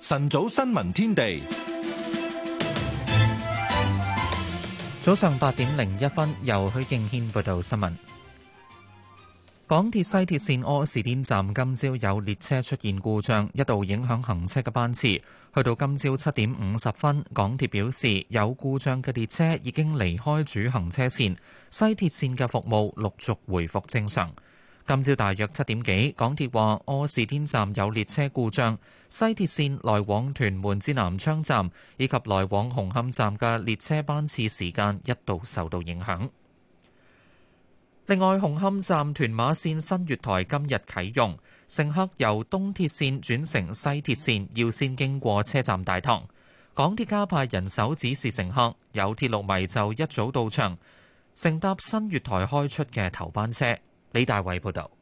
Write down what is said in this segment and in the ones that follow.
晨早新聞天地，早上八點零一分由許敬軒報道新聞。港鐵西鐵綫柯士甸站今朝有列車出現故障，一度影響行車嘅班次。去到今朝七點五十分，港鐵表示有故障嘅列車已經離開主行車綫，西鐵綫嘅服務陸續回復正常。今朝大約七點幾，港鐵話柯士甸站有列車故障，西鐵線來往屯門至南昌站以及來往紅磡站嘅列車班次時間一度受到影響。另外，紅磡站屯馬線新月台今日啟用，乘客由東鐵線轉乘西鐵線要先經過車站大堂。港鐵加派人手指示乘客，有鐵路迷就一早到場，乘搭新月台開出嘅頭班車。李大偉報道。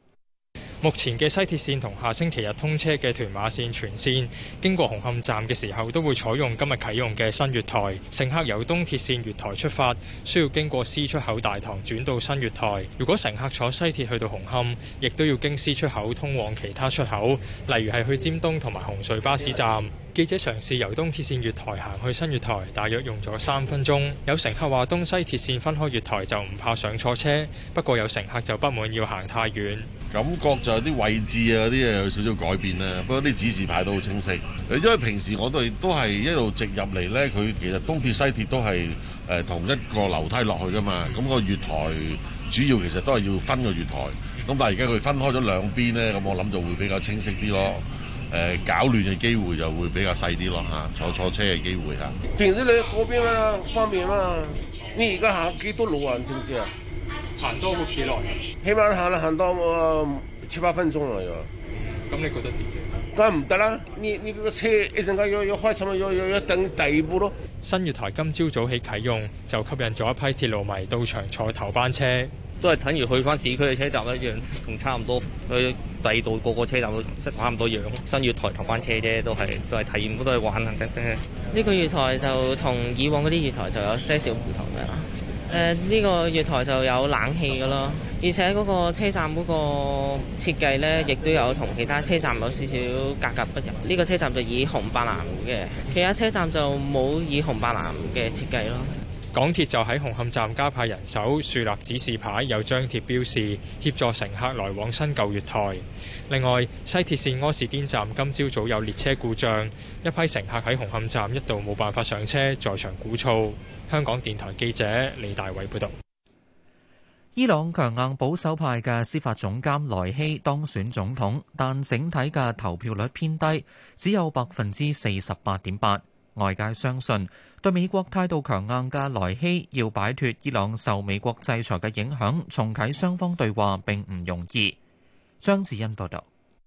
目前嘅西鐵線同下星期日通車嘅屯馬線全線經過紅磡站嘅時候，都會採用今日啟用嘅新月台。乘客由東鐵線月台出發，需要經過 C 出口大堂轉到新月台。如果乘客坐西鐵去到紅磡，亦都要經 C 出口通往其他出口，例如係去尖東同埋紅隧巴士站。記者嘗試由東鐵線月台行去新月台，大約用咗三分鐘。有乘客話：東西鐵線分開月台就唔怕上錯車，不過有乘客就不滿要行太遠。感覺就有啲位置啊，嗰啲嘢有少少改變啦。不過啲指示牌都好清晰。誒，因為平時我哋都係一路直入嚟咧，佢其實東鐵西鐵都係誒同一個樓梯落去噶嘛。咁個月台主要其實都係要分個月台。咁但係而家佢分開咗兩邊咧，咁我諗就會比較清晰啲咯。誒、呃，搞亂嘅機會就會比較細啲咯嚇。坐錯車嘅機會嚇。平時你嗰邊啊方便啊？你而家行幾多路啊？知唔知啊？行多冇幾耐，起碼行啦行多七八分鐘啦。咁、嗯、你覺得點？梗係唔得啦！呢呢個車你一陣間要要開診啊，要要要等第二波咯。新月台今朝早起啟用，就吸引咗一批鐵路迷到場坐頭班車。都係等於去翻市區嘅車站一樣，同差唔多去第二度個個車站都差唔多樣。新月台頭班車啫，都係都係體驗都係玩下啫。呢個月台就同以往嗰啲月台就有些少唔同嘅啦。呢個月台就有冷氣㗎咯，而且嗰個車站嗰個設計呢，亦都有同其他車站有少少格格不入。呢個車站就以紅白藍嘅，其他車站就冇以紅白藍嘅設計咯。港鐵就喺紅磡站加派人手，樹立指示牌，有張貼標示協助乘客來往新舊月台。另外，西鐵線柯士甸站今朝早有列車故障，一批乘客喺紅磡站一度冇辦法上車，在場鼓噪。香港電台記者李大偉報導。伊朗強硬保守派嘅司法總監萊希當選總統，但整體嘅投票率偏低，只有百分之四十八點八。外界相信，對美國態度強硬嘅萊希，要擺脱伊朗受美國制裁嘅影響，重啟雙方對話並唔容易。張子欣報道。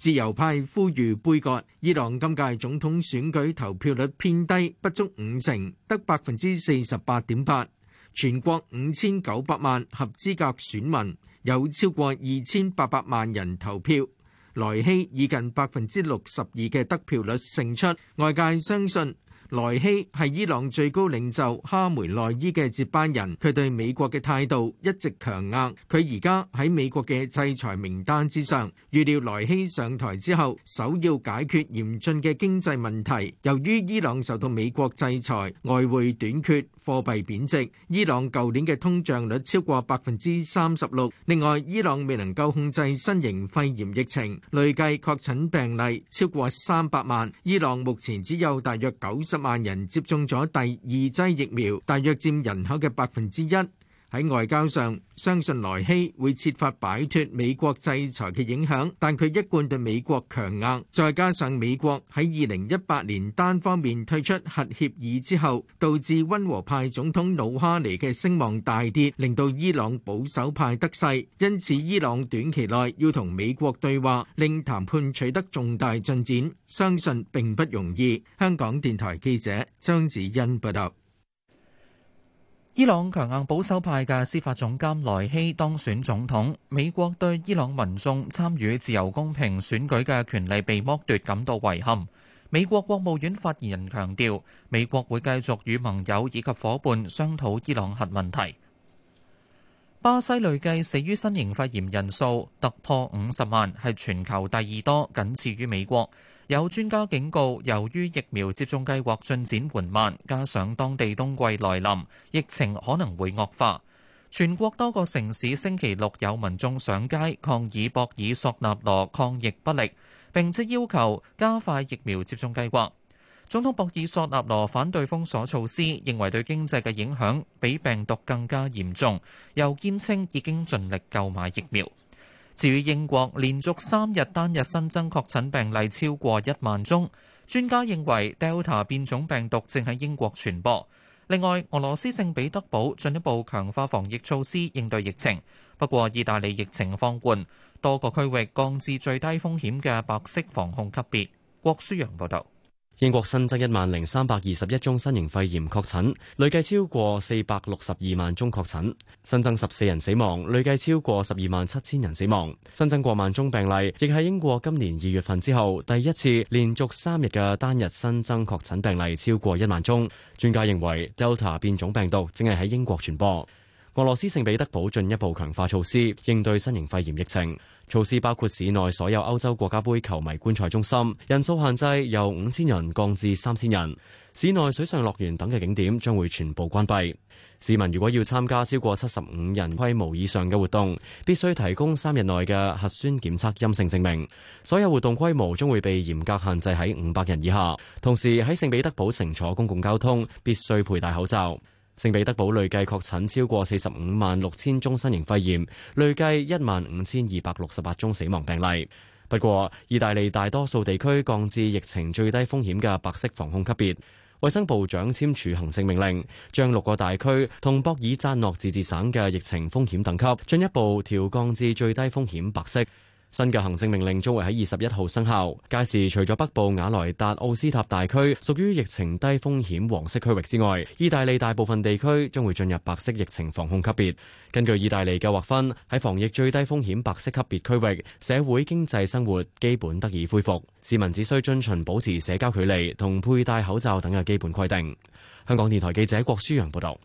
自由派呼籲杯葛，伊朗今屆總統選舉投票率偏低，不足五成，得百分之四十八點八。全國五千九百萬合資格選民有超過二千八百萬人投票。萊希以近百分之六十二嘅得票率勝出。外界相信，萊希係伊朗最高領袖哈梅內伊嘅接班人，佢對美國嘅態度一直強硬，佢而家喺美國嘅制裁名單之上。預料萊希上台之後，首要解決嚴峻嘅經濟問題。由於伊朗受到美國制裁，外匯短缺。貨幣貶值，伊朗舊年嘅通脹率超過百分之三十六。另外，伊朗未能夠控制新型肺炎疫情，累計確診病例超過三百萬，伊朗目前只有大約九十萬人接種咗第二劑疫苗，大約佔人口嘅百分之一。喺外交上，相信萊希會設法擺脫美國制裁嘅影響，但佢一貫對美國強硬。再加上美國喺二零一八年單方面退出核協議之後，導致溫和派總統魯哈尼嘅聲望大跌，令到伊朗保守派得勢，因此，伊朗短期內要同美國對話，令談判取得重大進展，相信並不容易。香港電台記者張子欣報道。伊朗強硬保守派嘅司法總監萊希當選總統，美國對伊朗民眾參與自由公平選舉嘅權利被剝奪感到遺憾。美國國務院發言人強調，美國會繼續與盟友以及伙伴商討伊朗核問題。巴西累計死於新型肺炎人數突破五十萬，係全球第二多，僅次於美國。有專家警告，由於疫苗接種計劃進展緩慢，加上當地冬季來臨，疫情可能會惡化。全國多個城市星期六有民眾上街抗議博爾索納羅抗疫不力，並且要求加快疫苗接種計劃。總統博爾索納羅反對封鎖措施，認為對經濟嘅影響比病毒更加嚴重，又堅稱已經盡力購買疫苗。至於英國，連續三日單日新增確診病例超過一萬宗，專家認為 Delta 變種病毒正喺英國傳播。另外，俄羅斯聖彼得堡進一步強化防疫措施應對疫情。不過，意大利疫情放緩，多個區域降至最低風險嘅白色防控級別。郭書陽報導。英國新增一萬零三百二十一宗新型肺炎確診，累計超過四百六十二萬宗確診，新增十四人死亡，累計超過十二萬七千人死亡。新增過萬宗病例，亦係英國今年二月份之後第一次連續三日嘅單日新增確診病例超過一萬宗。專家認為，Delta 變種病毒正係喺英國傳播。俄羅斯聖彼得堡進一步強化措施應對新型肺炎疫情，措施包括市內所有歐洲國家杯球迷觀賽中心人數限制由五千人降至三千人，市內水上樂園等嘅景點將會全部關閉。市民如果要參加超過七十五人規模以上嘅活動，必須提供三日內嘅核酸檢測陰性證明。所有活動規模將會被嚴格限制喺五百人以下。同時喺聖彼得堡乘坐公共交通必須佩戴口罩。聖彼得堡累計確診超過四十五萬六千宗新型肺炎，累計一萬五千二百六十八宗死亡病例。不過，意大利大多數地區降至疫情最低風險嘅白色防控級別。衛生部長簽署行政命令，將六個大區同博爾扎諾自治省嘅疫情風險等級進一步調降至最低風險白色。新嘅行政命令將會喺二十一號生效。屆時，除咗北部瓦萊達奧斯塔大區屬於疫情低風險黃色區域之外，意大利大部分地區將會進入白色疫情防控級別。根據意大利嘅劃分，喺防疫最低風險白色級別區域，社會經濟生活基本得以恢復，市民只需遵循保持社交距離同佩戴口罩等嘅基本規定。香港電台記者郭舒揚報道。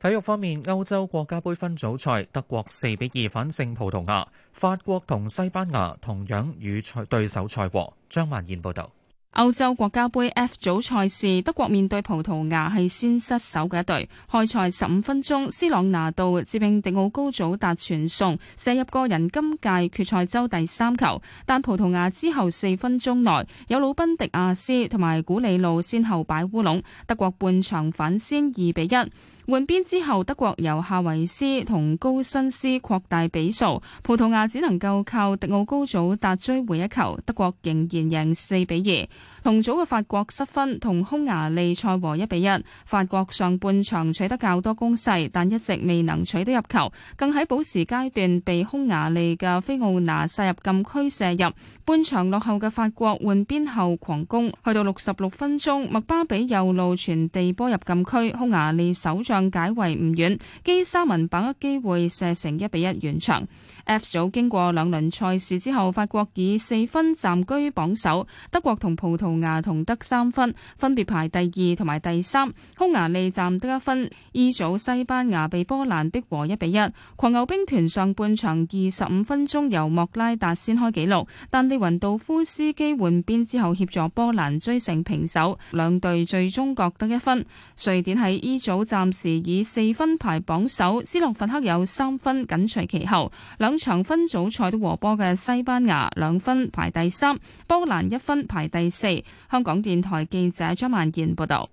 體育方面，歐洲國家盃分組賽，德國四比二反勝葡萄牙，法國同西班牙同樣與賽對手賽和。張曼燕報道。歐洲國家盃 F 組賽事，德國面對葡萄牙，係先失手嘅一隊。開賽十五分鐘，斯朗拿度接應迪奧高祖達傳送，射入個人今屆決賽周第三球。但葡萄牙之後四分鐘內，有魯賓迪亞斯同埋古里路先後擺烏龍，德國半場反先二比一。1, 換邊之後，德國由夏維斯同高辛斯擴大比數。葡萄牙只能夠靠迪奧高祖達追回一球，德國仍然贏四比二。同組嘅法國失分，同匈牙利賽和一比一。法國上半場取得較多攻勢，但一直未能取得入球，更喺補時階段被匈牙利嘅菲奧拿殺入禁區射入。半場落後嘅法國換邊後狂攻，去到六十六分鐘，麥巴比右路傳地波入禁區，匈牙利首將，更解圍唔遠，基沙文把握機會射成一比一完場。F 組經過兩輪賽事之後，法國以四分暫居榜首，德國同葡萄牙同得三分，分別排第二同埋第三。匈牙利站得一分。E 組西班牙被波蘭逼和一比一。狂牛兵團上半場二十五分鐘由莫拉達先開紀錄，但利云道夫斯基換邊之後協助波蘭追成平手，兩隊最終各得一分。瑞典喺 E 組暫時。以四分排榜首，斯洛伐克有三分緊隨其後，兩場分組賽都和波嘅西班牙兩分排第三，波蘭一分排第四。香港電台記者張萬賢報道。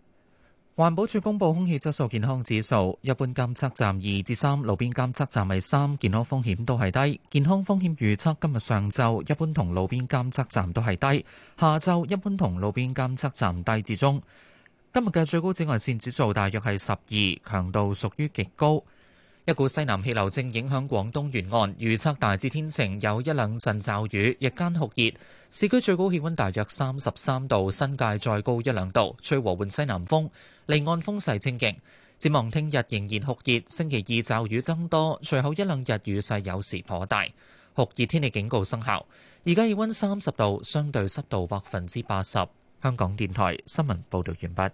環保署公布空氣質素健康指數，一般監測站二至三，路邊監測站係三，健康風險都係低。健康風險預測今日上晝一般同路邊監測站都係低，下晝一般同路邊監測站低至中。今日嘅最高紫外線指數大約係十二，強度屬於極高。一股西南氣流正影響廣東沿岸，預測大致天晴，有一兩陣驟雨，日間酷熱，市區最高氣温大約三十三度，新界再高一兩度，吹和緩西南風，離岸風勢清勁。展望聽日仍然酷熱，星期二驟雨增多，隨後一兩日雨勢有時頗大，酷熱天氣警告生效。而家氣温三十度，相對濕度百分之八十。香港電台新聞報導完畢。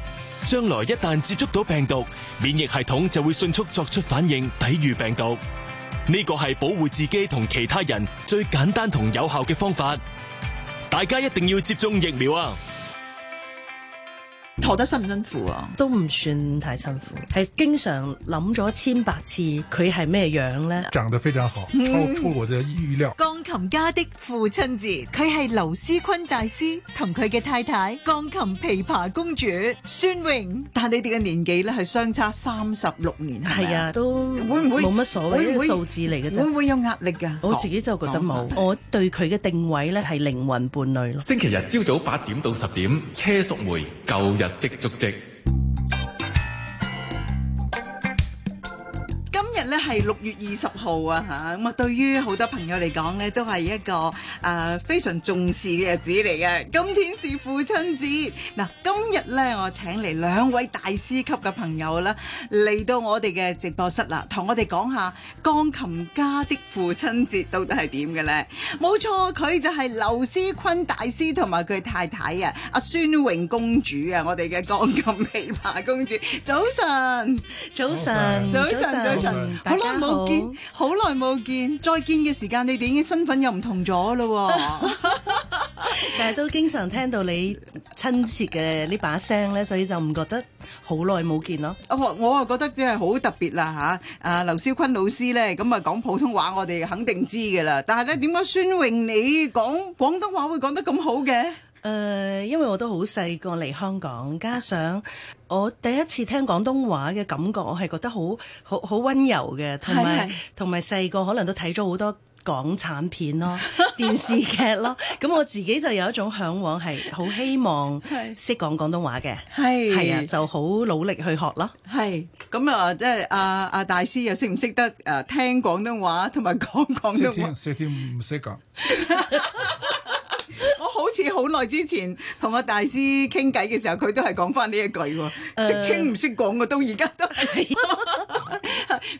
將來一旦接觸到病毒，免疫系統就會迅速作出反應，抵禦病毒。呢、呢個係保護自己同其他人最簡單同有效嘅方法。大家一定要接種疫苗啊！陀得辛唔辛苦啊？都唔算太辛苦，係經常諗咗千百次，佢係咩樣呢？長得非常好，超出，出我的預料。嗯琴家的父親節，佢係劉詩昆大師同佢嘅太太鋼琴琵琶公主孫穎，但你哋嘅年紀咧係相差三十六年，係啊？都會唔會冇乜所謂？啲數字嚟嘅啫，會唔會有壓力噶？我自己就覺得冇，我對佢嘅定位咧係靈魂伴侶咯。星期日朝早八點到十點，車淑梅，舊日的足跡。係六月二十號啊吓，咁啊對於好多朋友嚟講咧，都係一個誒非常重視嘅日子嚟嘅。今天是父親節，嗱，今日咧我請嚟兩位大師級嘅朋友啦，嚟到我哋嘅直播室啦，同我哋講下鋼琴家的父親節到底係點嘅咧？冇錯，佢就係劉詩昆大師同埋佢太太啊，阿孫穎公主啊，我哋嘅鋼琴琵琶公主。早晨，早晨，早晨，早晨。冇見，好耐冇見，再見嘅時間你哋已經身份又唔同咗咯，但係都經常聽到你親切嘅呢把聲咧，所以就唔覺得好耐冇見咯、啊。我我啊覺得即係好特別啦吓，啊劉少坤老師咧，咁啊講普通話我哋肯定知噶啦，但係咧點解孫穎你講廣東話會講得咁好嘅？誒、呃，因為我都好細個嚟香港，加上我第一次聽廣東話嘅感覺，我係覺得好好好温柔嘅，同埋同埋細個可能都睇咗好多港產片咯、電視劇咯，咁 我自己就有一種嚮往，係好希望識講廣東話嘅，係係是是 啊，就好努力去學咯。係咁啊，即係阿阿大師又識唔識得誒、啊、聽廣東話，同埋講,講廣東話？識聽，識聽，唔識講。 似好耐之前同阿大師傾偈嘅時候，佢都係講翻呢一句識食、uh、清唔識講嘅，到而家都，都係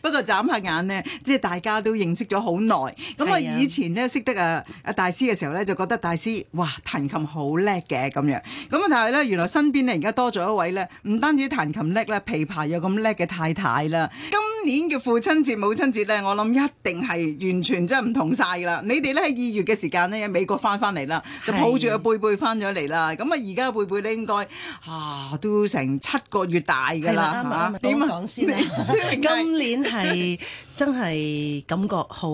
不過眨下眼咧，即係大家都認識咗好耐。咁啊，以前咧識得啊阿大師嘅時候咧，就覺得大師哇彈琴好叻嘅咁樣。咁啊，但係咧，原來身邊咧而家多咗一位咧，唔單止彈琴叻啦，琵琶又咁叻嘅太太啦。今年嘅父親節、母親節咧，我諗一定係完全真係唔同晒噶啦。你哋咧，喺二月嘅時間咧，喺美國翻翻嚟啦，就抱住個貝貝翻咗嚟啦。咁啊，而家貝貝咧應該啊都成七個月大噶啦，係嘛？點啊？所以今年係真係感覺好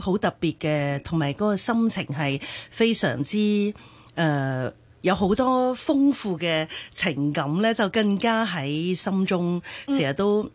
好特別嘅，同埋嗰個心情係非常之誒、呃，有好多豐富嘅情感咧，就更加喺心中，成日、嗯、都。